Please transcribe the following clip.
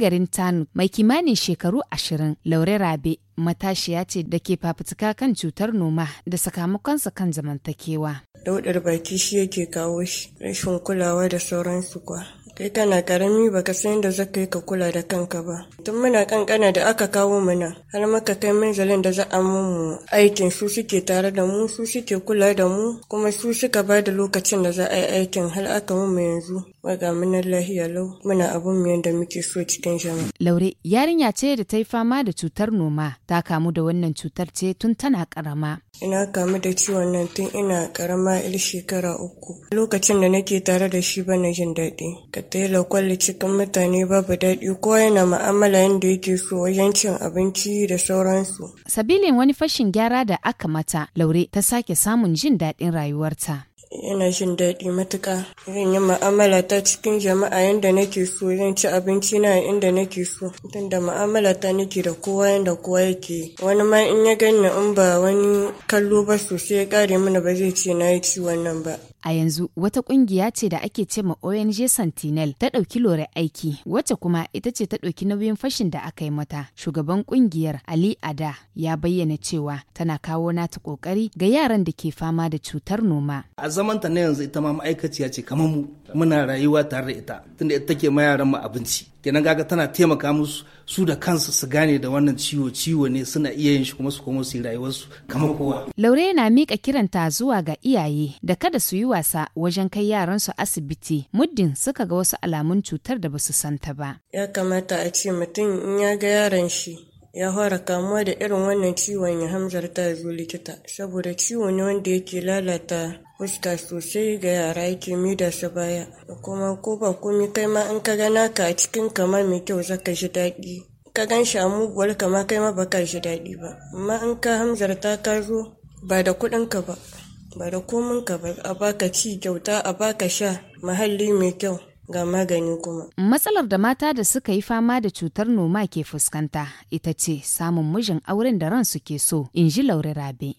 garin Tanu mai kimanin shekaru ashirin Laure Rabe matashiya ce da ke fafutuka kan cutar noma da sakamakonsa kan zamantakewa. Daudar baki shi yake kawo shi, rashin kulawa da sauransu kwa. Kai kana karami baka san yadda za ka yi ka kula da kanka ba. Tun muna kankana da aka kawo mana, har maka kai manzalin da za a mu aikin su suke tare da mu, su suke kula da mu, kuma su suka ba da lokacin da za a yi aikin har aka mu yanzu. ga mun lahiya lau muna abun mu yadda muke so cikin jama'a. Laure yarinya ce da ta yi fama da cutar noma ta kamu da wannan cutar ce tun tana karama. Ina kamu da ciwon nan tun ina karama il shekara uku. Lokacin da nake tare da shi bana jin daɗi. Ka yi lakwalli cikin mutane babu daɗi ko yana ma'amala yadda yake so wajen cin abinci da sauransu. Sabilin wani fashin gyara da aka mata Laure ta sake samun jin daɗin rayuwarta. Ina jin daɗi matuƙa. Zan yi ma'amala ta cikin jama'a yadda nake so, zan ci abinci na inda nake so. tun da ma'amala ta nake da kowa yadda kowa yake. Wani ma in ya gani in ba wani kallo ba sosai ya ƙare mana ba zai ce na yi ci wannan ba. A yanzu wata kungiya ce da ake ce ma ONG Sentinel ta ɗauki lore aiki wacce kuma ita ce ta ɗauki nauyin fashin da aka yi mata. Shugaban kungiyar Ali Ada ya bayyana cewa tana kawo nata ƙoƙari ga yaran da ke fama da cutar noma. zaman ta na yanzu ita ma ma'aikaciya ce kamar mu muna rayuwa tare da ita tunda ita take ma yaran mu abinci kenan gaga tana taimaka musu su da kansu su gane da wannan ciwo ciwo ne suna iya yin shi kuma su koma su yi rayuwarsu kamar kowa. Laure na mika kiranta zuwa ga iyaye da kada su yi wasa wajen kai yaran su asibiti muddin suka ga wasu alamun cutar da basu santa ba. Ya kamata a ce mutum in ya ga yaran shi ya fara kamuwa da irin wannan ciwon hamzar ta zo likita saboda ciwo ne wanda yake lalata fuska sosai ga yara yake mida su baya kuma ko ba komi kai ma in ka gana ka a cikin kamar mai kyau zaka shi daɗi ka gan shi a muguwar kama kai ma baka shi daɗi ba amma in ka Hamzat ka zo ba da kuɗin ka ba ba da komin ka ba a baka ci kyauta a baka sha muhalli mai kyau ga magani kuma. Matsalar da mata da suka yi fama da cutar noma ke fuskanta ita ce samun mijin auren da ransu ke so, in ji Laure Rabe.